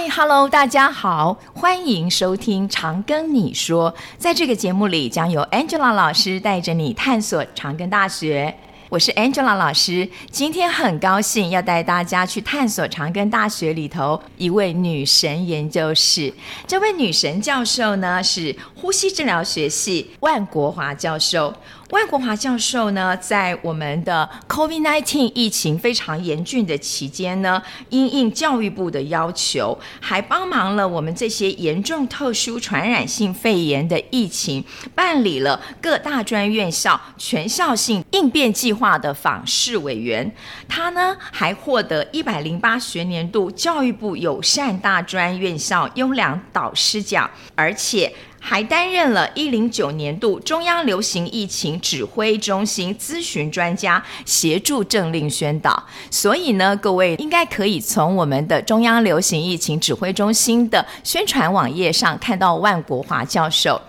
嗨 h 大家好，歡迎收聽《常跟你說》。在這個節目裡，將由 Angela 老師帶着你探索長庚大學。我是 Angela 老師，今天很高興要帶大家去探索長庚大學裡頭一位女神——究室。這位女神教授呢，是呼吸治療學系萬國華教授。萬國華教授呢，在我們的 COVID-19 疫情非常嚴峻的期間呢，因應教育部的要求，還幫忙了我們這些嚴重特殊傳染性肺炎的疫情辦理了各大專院校全校性應變計劃的訪視委員。他呢，還獲得一百零八學年度教育部友善大專院校優良導師獎，而且，還擔任了一零九年度中央流行疫情指揮中心諮詢專家，協助政令宣導。所以呢，各位應該可以從我們的中央流行疫情指揮中心的宣傳網頁上看到萬國華教授。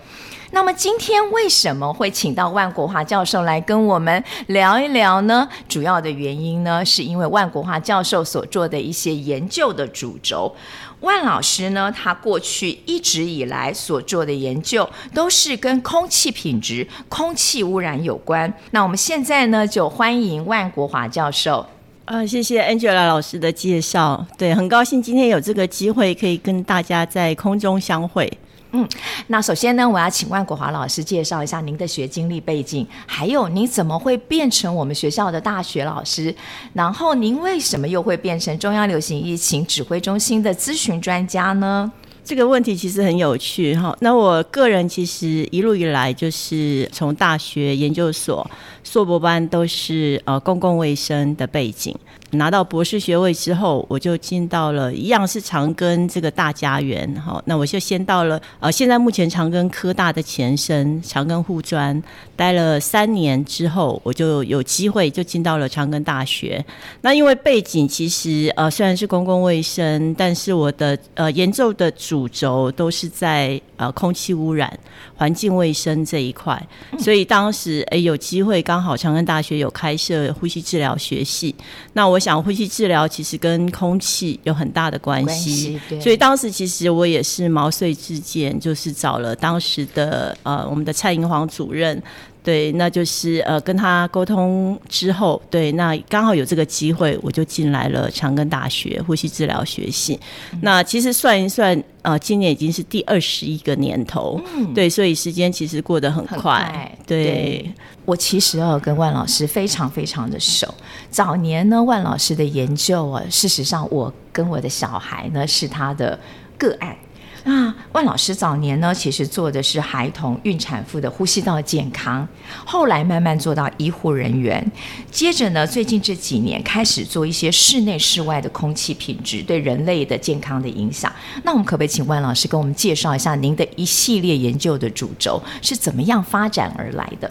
那麼今天為什麼會請到萬國華教授來跟我們聊一聊呢？主要的原因呢，是因為萬國華教授所做的一些研究的主軸。萬老師呢，他過去一直以來所做的研究都是跟空氣品質、空氣污染有關。那我們現在呢，就歡迎萬國華教授。呃，謝謝 Angela 老師的介紹。對，很高興今天有這個機會可以跟大家在空中相會。嗯，那首先呢，我要請萬國華老師介紹一下您的學經歷背景，還有您怎麼會變成我們學校的大學老師，然後您為什麼又會變成中央流行疫情指揮中心的諮詢專家呢？這個問題其實很有趣哈。那我個人其實一路以來就是從大學研究所、碩博班都是呃公共衛生的背景。拿到博士學位之後，我就進到了一樣是長庚這個大家園。好，那我就先到了呃，現在目前長庚科大的前身長庚護專待了三年之後，我就有機會就進到了長庚大學。那因為背景其實呃雖然是公共衛生，但是我的呃研究的主軸都是在呃空氣污染、環境衛生這一塊，嗯，所以當時哎、欸、有機會剛好長庚大學有開設呼吸治療學系，那我。想呼吸治療，其實跟空氣有很大的關係。所以當時其實我也是毛遂自薦，就是找了當時的呃我們的蔡英黃主任。對，那就是呃，跟他溝通之後，對，那剛好有這個機會，我就進來了長庚大學呼吸治療學系。嗯。那其實算一算，呃，今年已經是第二十一個年頭。嗯。對，所以時間其實過得很快。很快，對。對，我其實有跟萬老師非常非常的熟。早年呢，萬老師的研究啊，事實上我跟我的小孩呢是他的個案。啊，萬老師早年呢，其實做的是孩童、孕產婦的呼吸道健康，後來慢慢做到醫護人員，接着呢，最近這幾年開始做一些室內、室外的空氣品質對人類的健康的影響。那我們可不可以請萬老師給我們介紹一下您的一系列研究的主軸是怎麼樣發展而來的？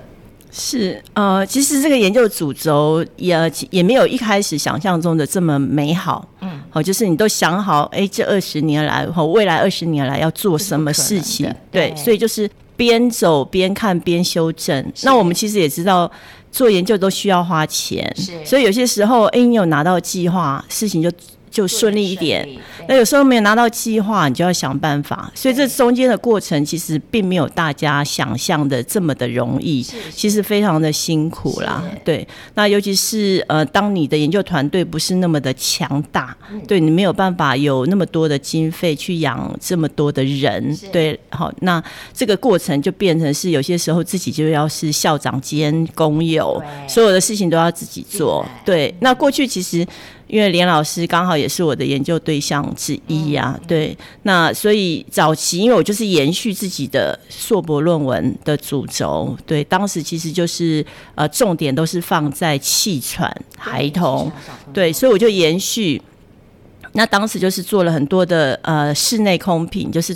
是，呃，其實這個研究主軸也也沒有一開始想象中的這麼美好。好、哦，就是你都想好，哎，這二十年來，哈、哦，未來二十年來要做什麼事情？對對？對，所以就是邊走邊看邊修正。那我們其實也知道，做研究都需要花錢，是，所以有些時候，哎，你有拿到計劃，事情就就順利一點。那有時候沒有拿到計劃，你就要想辦法。所以這中間的過程其實並沒有大家想象的這麼的容易，是是，其實非常的辛苦啦。對，那尤其是呃，當你的研究團隊不是那麼的強大，嗯、對，你沒有辦法有那麼多的經費去養這麼多的人。對，好，那這個過程就變成是有些時候自己就要是校長兼工友，所有的事情都要自己做。對，對那過去其實。因為連老師剛好也是我的研究對象之一呀、啊嗯，對，那所以早期因為我就是延續自己的碩博論文的主軸，對，當時其實就是呃，重點都是放在氣喘孩童對喘，對，所以我就延續。那當時就是做了很多的呃室內空品，就是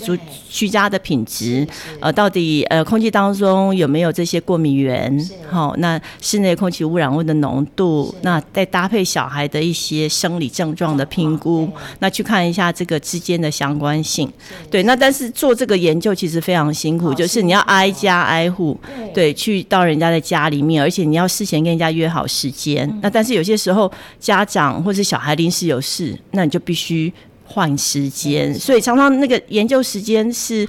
居家的品質，呃到底呃空氣當中有沒有這些過敏原，好，那室內空氣汙染物的濃度，那再搭配小孩的一些生理症狀的評估，那去看一下這個之間的相關性。對，那但是做這個研究其實非常辛苦，是是就是你要挨家挨戶，對，去到人家的家裡面，而且你要事前跟人家約好時間，嗯。那但是有些時候家長或是小孩臨時有事，那你就。必須換時間，所以常常那個研究時間是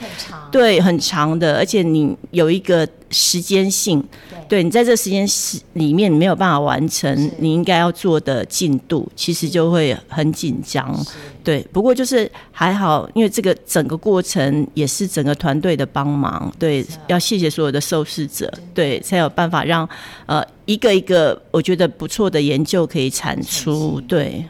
對，很長的，而且你有一個時間性，對，對你在這時間裡面沒有辦法完成你應該要做的進度，其實就會很緊張。對，不過就是還好，因為這個整個過程也是整個團隊的幫忙，對，要謝謝所有的受試者，對，才有辦法讓呃一個一個我覺得不錯的研究可以產出，對。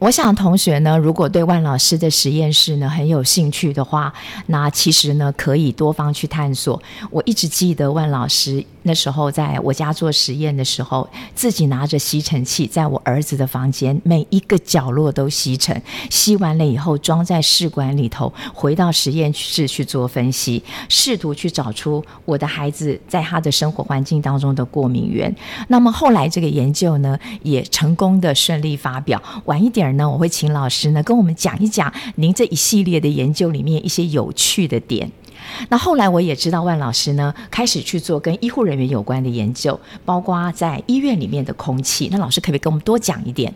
我想，同學呢，如果對萬老師的實驗室呢很有興趣的話，那其實呢可以多方去探索。我一直記得萬老師。那時候在我家做實驗的時候，自己拿着吸塵器，在我兒子的房間每一個角落都吸塵，吸完了以後裝在試管裡頭，回到實驗室去做分析，試圖去找出我的孩子在他的生活環境當中的過敏源。那麼後來這個研究呢，也成功的順利發表。晚一點呢，我會請老師呢跟我們講一講您這一系列的研究裡面一些有趣的點。那後來我也知道萬老師呢，開始去做跟醫護人員有關的研究，包括在醫院裡面的空氣。那老師可不可以跟我們多講一點？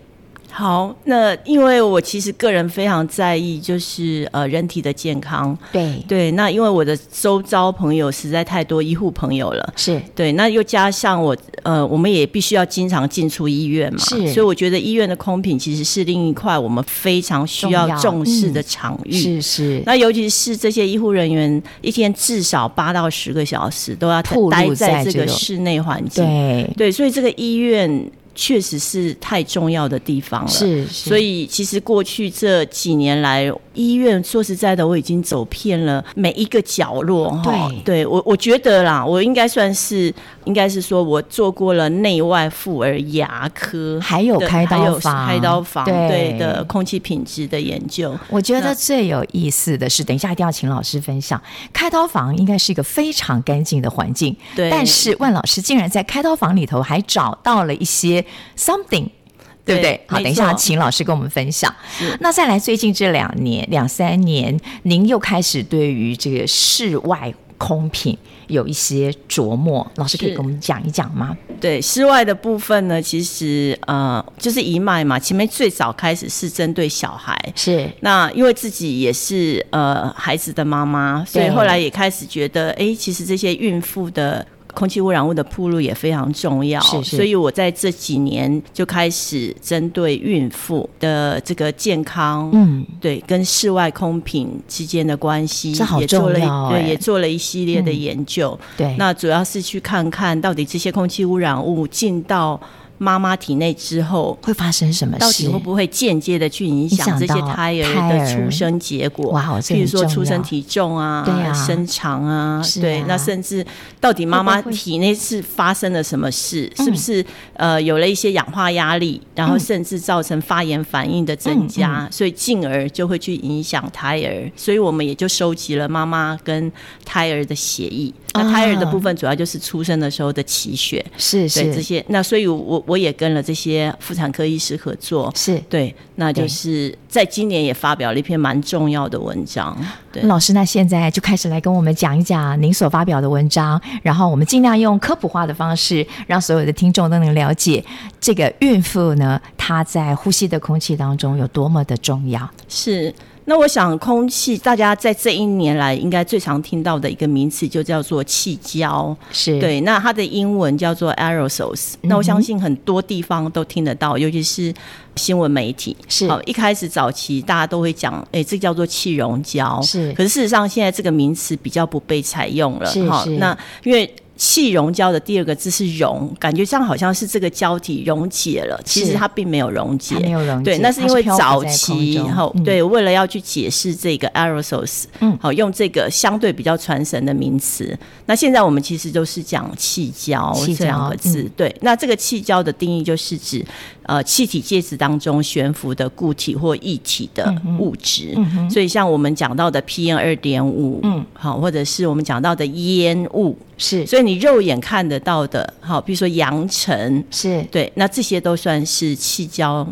好，那因為我其實個人非常在意，就是呃，人體的健康。對對，那因為我的周遭朋友實在太多醫護朋友了，是對。那又加上我呃，我們也必須要經常進出醫院嘛，是。所以我覺得醫院的空品其實是另一塊我們非常需要重視的場域。嗯、是是，那尤其是這些醫護人員一天至少八到十個小時都要待在這個室內環境，對對，所以這個醫院。確實是太重要的地方了，是，是。所以其實過去這幾年來。醫院說實在的，我已經走遍了每一個角落哈、哦。對，我我覺得啦，我應該算是應該是說我做過了內外婦兒牙科，還有開刀房，開刀房對，對的空氣品質的研究。我覺得最有意思的是，等一下一定要請老師分享，開刀房應該是一個非常乾淨的環境，對，但是萬老師竟然在開刀房裡頭還找到了一些 something。對不對？對好，等一下，請老師跟我們分享。那再來，最近這兩年、兩三年，您又開始對於這個室外空品有一些琢磨，老師可以跟我們講一講嗎？對，室外的部分呢，其實呃，就是一脈嘛。前面最早開始是針對小孩，是那因為自己也是呃孩子的媽媽，所以後來也開始覺得，哎、欸，其實這些孕婦的。空氣污染物的曝露也非常重要是是，所以我在這幾年就開始針對孕婦的這個健康，嗯，對，跟室外空品之間的關係、這好重要欸，也做了對，也做了一系列的研究、嗯，對，那主要是去看看到底這些空氣污染物進到。媽媽體內之後會發生什麼事？到底會不會間接的去影響這些胎兒的出生結果？哇，這很重要。譬如說出生體重啊，啊身長啊，啊，對。那甚至到底媽媽體內是發生了什麼事？會不會是不是、嗯、呃有了一些氧化壓力，然後甚至造成發炎反應的增加、嗯嗯嗯，所以進而就會去影響胎兒。所以我們也就收集了媽媽跟胎兒的血樣。那胎兒的部分主要就是出生的時候的臍血，哦、是是這些。那所以我，我我也跟了這些婦產科醫師合作，是對。那就是在今年也發表了一篇蠻重要的文章對。對，老師，那現在就開始來跟我們講一講您所發表的文章，然後我們盡量用科普化的方式，讓所有的聽眾都能了解這個孕婦呢，她在呼吸的空氣當中有多麼的重要。是。那我想空氣，空氣大家在這一年來應該最常聽到的一個名詞就叫做氣膠，是對。那它的英文叫做 aerosols、嗯。那我相信很多地方都聽得到，尤其是新聞媒體。是好，一開始早期大家都會講，誒、欸、這個、叫做氣溶膠。是，可是事實上現在這個名詞比較不被採用了。是，是，那因為。氣溶膠的第二個字是溶，感覺像好像是這個膠體溶解了，其實它並沒有溶解。沒有溶解，對，那是因為早期，然後、哦嗯、對，為了要去解釋這個 aerosols，嗯，好，用這個相對比較傳神的名詞、嗯。那現在我們其實都是講氣膠這兩個字、嗯。對，那這個氣膠的定義就是指呃氣體介質當中懸浮的固體或液體的物質、嗯嗯。所以像我們講到的 PM 二點五，嗯，好，或者是我們講到的煙霧，是所以。你肉眼看得到的，好，比如說揚塵，是對，那這些都算是氣膠。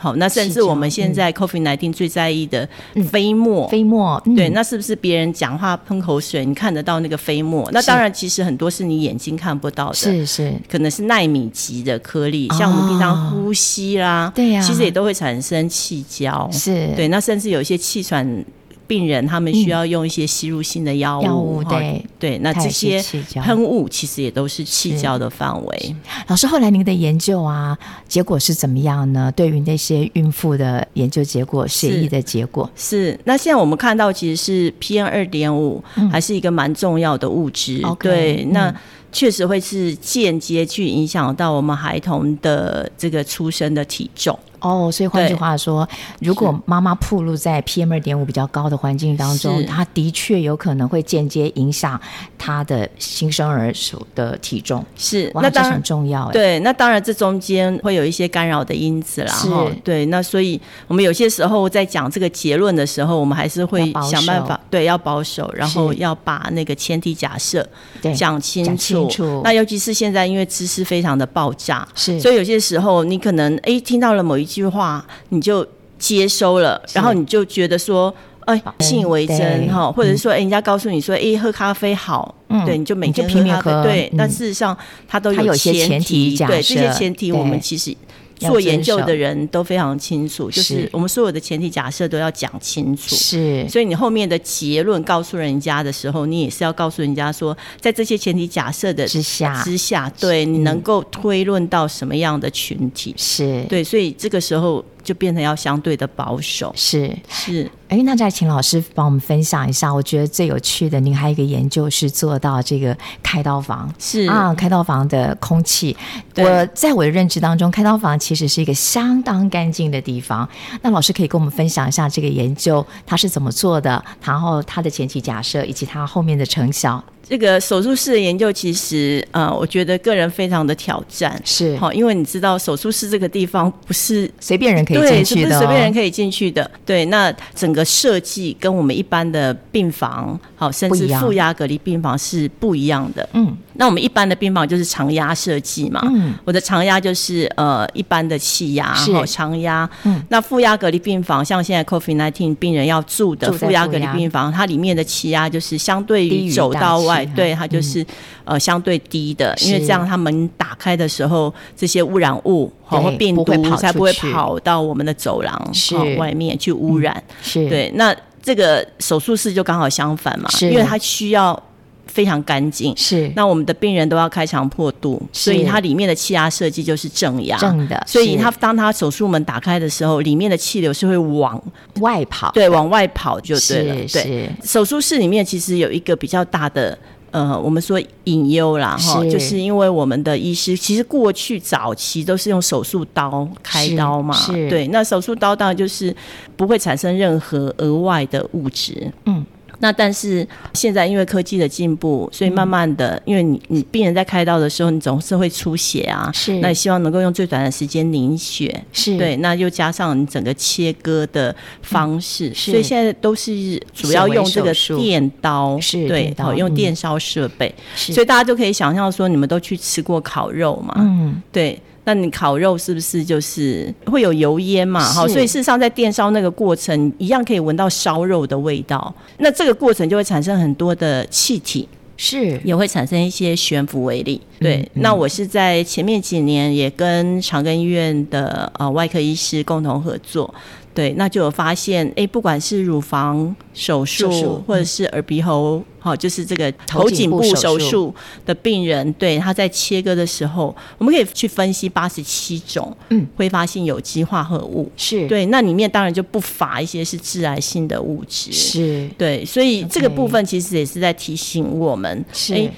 好，那甚至我們現在 COVID-19 最在意的飛沫，嗯、飛沫、嗯，對，那是不是別人講話噴口水，你看得到那個飛沫？那當然，其實很多是你眼睛看不到的，是是，可能是奈米級的顆粒，是是，像我們平常呼吸啦，對、哦、呀，其實也都會產生氣膠，是對、啊、對，那甚至有一些氣喘。病人他們需要用一些吸入性的藥物、嗯、物，對對，那這些噴霧其實也都是氣膠的範圍。老師，後來您的研究啊，結果是怎麼樣呢？對於那些孕婦的研究結果，血液的結果是，是？那現在我們看到，其實是 PM 二點五還是一個蠻重要的物質、嗯。對，那。嗯確實會是間接去影響到我們孩童的這個出生的體重哦。所以換句話說，如果媽媽暴露在 PM 二點五比較高的環境當中，她的確有可能會間接影響她的新生兒的體重。是，那當然很重要。對，那當然這中間會有一些干擾的因子啦。是，然後對。那所以我們有些時候在講這個結論的時候，我們還是會想辦法，對，要保守，然後要把那個前提假設講清楚。那尤其是現在，因為知識非常的爆炸，是，所以有些時候你可能哎、欸、聽到了某一句話，你就接收了，然後你就覺得說，哎，信以為真哈，或者是說，哎、欸、人家告訴你說，哎、欸、喝咖啡好、嗯，對，你就每天喝，拼命喝，對、嗯，但事實上他都有，有些前提，對，這些前提我們其實。做研究的人都非常清楚，就是我們所有的前提假設都要講清楚。是，所以你後面的結論告訴人家的時候，你也是要告訴人家說，在這些前提假設的之下、啊，之下，對、嗯、你能夠推論到什麼樣的群體？是對，所以這個時候。就變成要相對的保守，是是。哎、欸，那再請老師幫我們分享一下，我覺得最有趣的。您還有一個研究是做到這個開刀房，是啊，開刀房的空氣。我在我的認知當中，開刀房其實是一個相當乾淨的地方。那老師可以跟我們分享一下這個研究它是怎麼做的，然後它的前提假設以及它後面的成效。這個手術室的研究其實，嗯、呃，我覺得個人非常的挑戰，是好，因為你知道手術室這個地方不是隨便人可以。對，是不是隨便人可以進去的？對，那整個設計跟我們一般的病房，好，甚至負壓隔離病房是不一樣的。不一樣。嗯。那我們一般的病房就是常壓設計嘛，嗯，我的常壓就是呃一般的氣壓，好後常壓。那負壓隔離病房，像現在 COVID-19 病人要住的負壓隔離病房，它裡面的氣壓就是相對於走到外，對它就是、嗯、呃相對低的，因為這樣它門打開的時候，這些污染物、喔、會病毒不會，才不會跑到我們的走廊、好、喔、外面去污染。嗯、是對，那這個手術室就剛好相反嘛是，因為它需要。非常乾淨，是。那我們的病人都要開腸破肚，所以它裡面的氣壓設計就是正壓。正的。所以它當它手術門打開的時候，裡面的氣流是會往外跑，對。對，往外跑就對了。對。手術室裡面其實有一個比較大的呃，我們說隱憂啦哈，就是因為我們的醫師其實過去早期都是用手術刀開刀嘛，是是對。那手術刀當然就是不會產生任何額外的物質。嗯。那但是現在因為科技的進步，所以慢慢的，嗯、因為你你病人在開刀的時候，你總是會出血啊，是，那你希望能夠用最短的時間凝血，是對，那又加上你整個切割的方式，嗯、是，所以現在都是主要用這個電刀，對是電刀對，用電燒設備、嗯，所以大家就可以想象說，你們都去吃過烤肉嘛，嗯，對。那你烤肉是不是就是會有油煙嘛？好，所以事實上在電燒那個過程一樣可以聞到燒肉的味道。那這個過程就會產生很多的氣體，是，也會產生一些懸浮微粒對，嗯嗯，那我是在前面幾年也跟長庚醫院的啊外科醫師共同合作。對，那就有發現，誒，不管是乳房手術或者是耳鼻喉，好、哦，就是這個頭頸部手術的病人，對，他在切割的時候，我們可以去分析八十七種，嗯，揮發性有機化合物，是對，那裡面當然就不乏一些是致癌性的物質，是對，所以這個部分其實也是在提醒我們，是。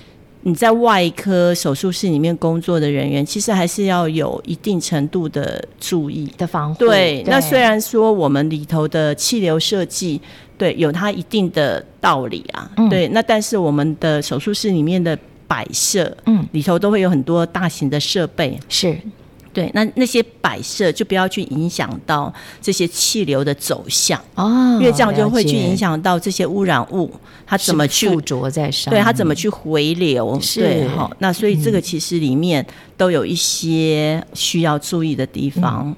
你在外科手術室裡面工作的人員，其實還是要有一定程度的注意的防護。對，那雖然說我們裡頭的氣流設計，對，有它一定的道理啊。嗯、對，那但是我們的手術室裡面的擺設，嗯，裡頭都會有很多大型的設備。是。對，那那些擺設就不要去影響到這些氣流的走向哦，因為這樣就會去影響到這些污染物，哦、它怎麼去是不是附着在上，對它怎麼去回流，啊、對、好、哦嗯，那所以這個其實裡面都有一些需要注意的地方。嗯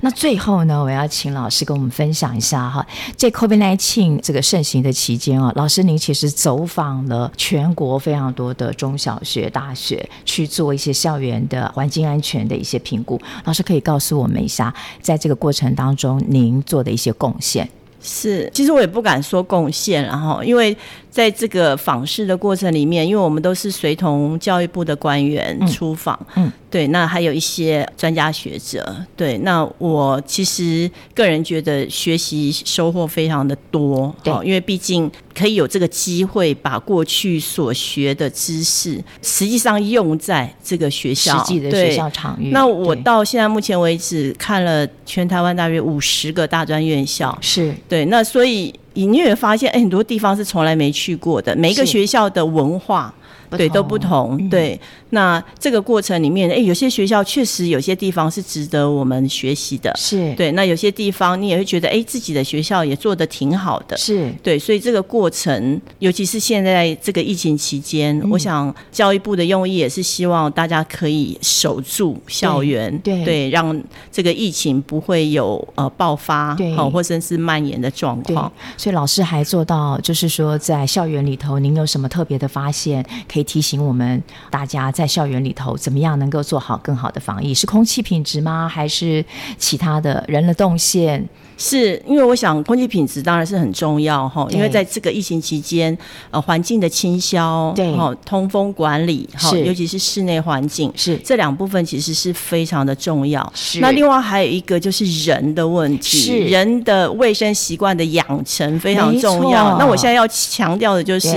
那最後呢，我要請老師跟我們分享一下哈，這 COVID-19 這個盛行的期間啊，老師您其實走訪了全國非常多的中小學、大學，去做一些校園的環境安全的一些評估。老師可以告訴我們一下，在這個過程當中，您做的一些貢獻。是，其實我也不敢說貢獻，然後因為在這個訪視的過程裡面，因為我們都是隨同教育部的官員出訪，嗯。嗯對，那還有一些專家學者。對，那我其實個人覺得學習收穫非常的多，對，因為畢竟可以有這個機會把過去所學的知識，實際上用在這個學校實際的學校場域。那我到現在目前為止看了全台灣大約五十個大專院校，是對。那所以你你也發現，哎，很多地方是從來沒去過的，每一個學校的文化。對，都不同，嗯。對，那這個過程裡面，哎、欸，有些學校確實有些地方是值得我們學習的。是，對。那有些地方，你也會覺得，哎、欸，自己的學校也做得挺好的。是，對。所以這個過程，尤其是現在這個疫情期間，嗯，我想教育部的用意也是希望大家可以守住校園，對，讓這個疫情不會有呃爆發，好，或者是蔓延的狀況。所以老師還做到，就是說在校園裡頭，您有什麼特別的發現？可以提醒我們大家在校園裡頭怎麼樣能夠做好更好的防疫？是空氣品質嗎？還是其他的人的動線？是因為我想空氣品質當然是很重要哈，因為在這個疫情期間，呃，環境的清消對哈，通風管理哈，尤其是室內環境，是這兩部分其實是非常的重要。是，那另外還有一個就是人的問題，是人的衛生習慣的養成非常重要。那我現在要強調的就是，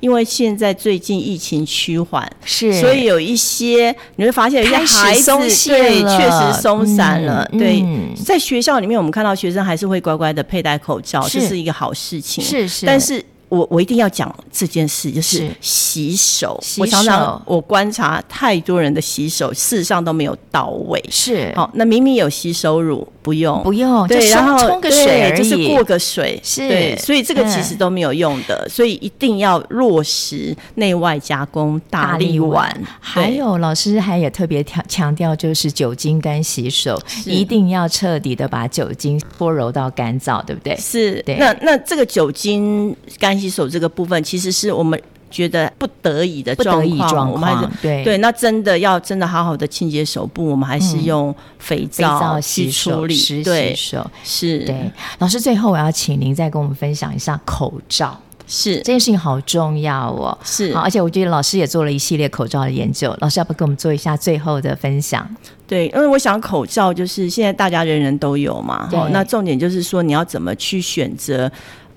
因為現在最近疫情。情趨緩，是，所以有一些你會發現，有些孩子，對，確實鬆散了。嗯、對、嗯，在學校裡面，我們看到學生還是會乖乖的佩戴口罩，是這是一個好事情。是是，但是。我我一定要講這件事，就是洗手。洗手我想想，我觀察太多人的洗手，事實上都沒有到位。是，好、哦，那明明有洗手乳，不用，不用，對，然後沖個水，就是過個水。是對，所以這個其實都沒有用的。嗯、所以一定要落實內外夾弓大立腕，大立腕。還有老師還也特別強強調，就是酒精乾洗手，一定要徹底的把酒精搓揉到乾燥，對不對？是。那那這個酒精乾。洗手這個部分，其實是我們覺得不得已的狀況。狀況我們還是對對，那真的要真的好好的清潔手部，我們還是用肥皂去處理、嗯、肥皂洗手，濕洗手是對。老師，最後我要請您再跟我們分享一下口罩，是這件事情好重要哦。是，而且我覺得老師也做了一系列口罩的研究。老師要不要跟我們做一下最後的分享？對，因為我想口罩就是現在大家人人都有嘛，好，那重點就是說你要怎麼去選擇。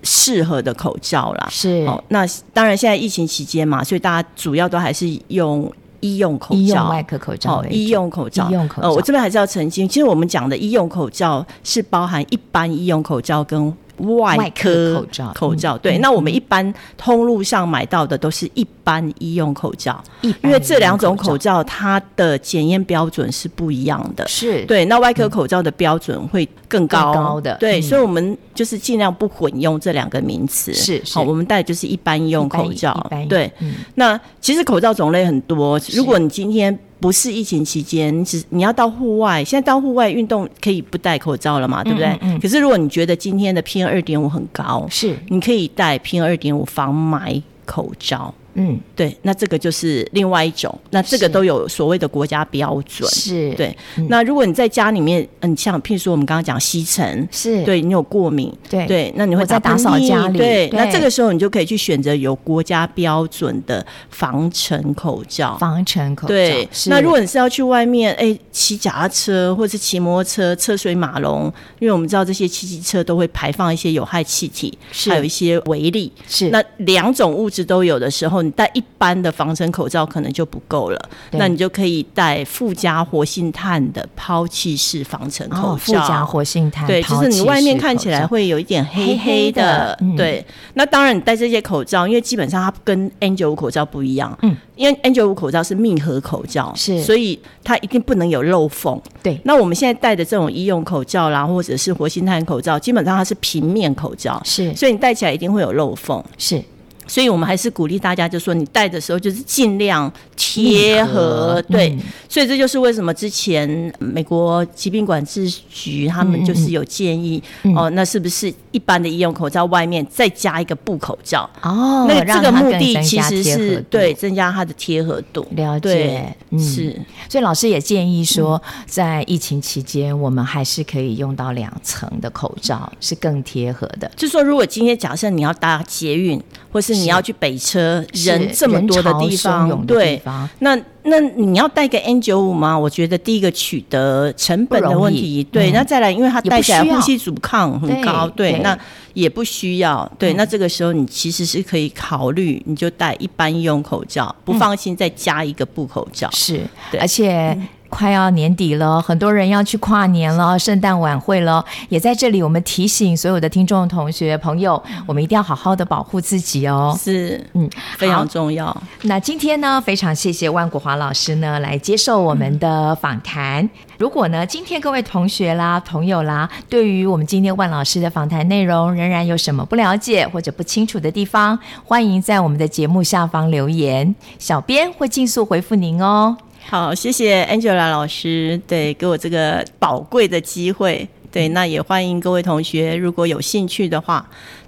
適合的口罩啦，是。哦、那當然，現在疫情期間嘛，所以大家主要都還是用醫用口罩、醫用外科口罩、哦、醫用口罩、醫用口罩。呃、哦，我這邊還是要澄清，其實我們講的醫用口罩是包含一般醫用口罩跟。外科口罩,、嗯、口罩，對。那我們一般通路上買到的都是一般醫用口罩，嗯、因為這兩種口罩它的檢驗標準是不一樣的。是對，那外科口罩的標準會更高、嗯、高,高的。對、嗯，所以我們就是尽量不混用這兩個名詞。是，好，我們戴的就是一般醫用口罩。對、嗯，那其實口罩種類很多，如果你今天。不是疫情期間，只你要到戶外。現在到戶外運動可以不戴口罩了嘛？對不對？可是如果你覺得今天的 PM 二點五很高，是你可以戴 PM 二點五防霾口罩。嗯，對，那這個就是另外一種，那這個都有所謂的國家標準，是對、嗯。那如果你在家裡面，嗯、呃，像譬如說我們剛剛講吸塵，是對，你有過敏，對，對那你會打在打掃家裡對對對，對。那這個時候你就可以去選擇有國家標準的防塵口罩，防塵口罩。對，罩對是。那如果你是要去外面，哎、欸，騎腳踏車或者騎摩托車，車水馬龍，因為我們知道這些汽機車都會排放一些有害氣體，還有一些微粒，是。是那兩種物質都有的時候。戴一般的防塵口罩可能就不夠了，那你就可以戴附加活性炭的拋棄式防塵口罩。哦。附加活性炭，對，就是你外面看起來會有一點黑黑的。黑黑的嗯、對，那當然你戴這些口罩，因為基本上它跟 N 九五口罩不一樣。嗯，因為 N 九五口罩是密合口罩，是，所以它一定不能有漏縫。對，那我們現在戴的這種醫用口罩啦，或者是活性炭口罩，基本上它是平面口罩，是，所以你戴起來一定會有漏縫。是。所以我們還是鼓勵，大家就說你戴的時候就是盡量貼合，合，對、嗯。所以這就是為什麼之前美國疾病管制局他們就是有建議、嗯嗯、哦，那是不是一般的醫用口罩外面再加一個布口罩？哦，那這個目的其實是增對增加它的貼合度。了解對、嗯，是。所以老師也建議說，在疫情期間，我們還是可以用到兩層的口罩，嗯、是更貼合的。就是、說如果今天假設你要搭捷運或是你要去北車人這麼多的地方，地方對，那那你要戴個 N95 嗎？我覺得第一個取得成本的問題，對、嗯，那再來，因為它戴起來呼吸阻抗很高，對，那也不需要對對對對對對對，對，那這個時候你其實是可以考慮，你就戴一般醫用口罩、嗯，不放心再加一個布口罩，是，對而且。嗯快要年底了，很多人要去跨年了，聖誕晚會了，也在這裡，我們提醒所有的聽眾、同學、朋友，我們一定要好好的保護自己哦。是，嗯，非常重要。那今天呢，非常謝謝萬國華老師呢來接受我們的訪談。嗯。如果呢，今天各位同學啦、朋友啦，對於我們今天萬老師的訪談內容仍然有什麼不了解或者不清楚的地方，歡迎在我們的節目下方留言，小編會盡速回覆您哦。好，謝謝 Angela 老師，對，給我這個寶貴的機會，對，那也歡迎各位同學，如果有興趣的話。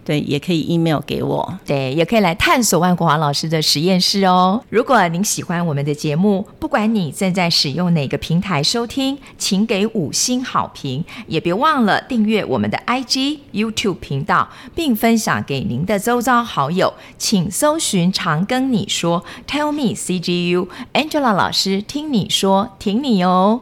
對，也可以 email 給我。對，也可以來探索萬國華老師的實驗室哦。如果您喜歡我們的節目，不管你正在使用哪個平台收聽，請給五星好評，也別忘了訂閱我們的 IG、YouTube 頻道，並分享給您的周遭好友。請搜尋“長庚，你說 ”，Tell me CGU，Angela 老師聽你說，聽你哦。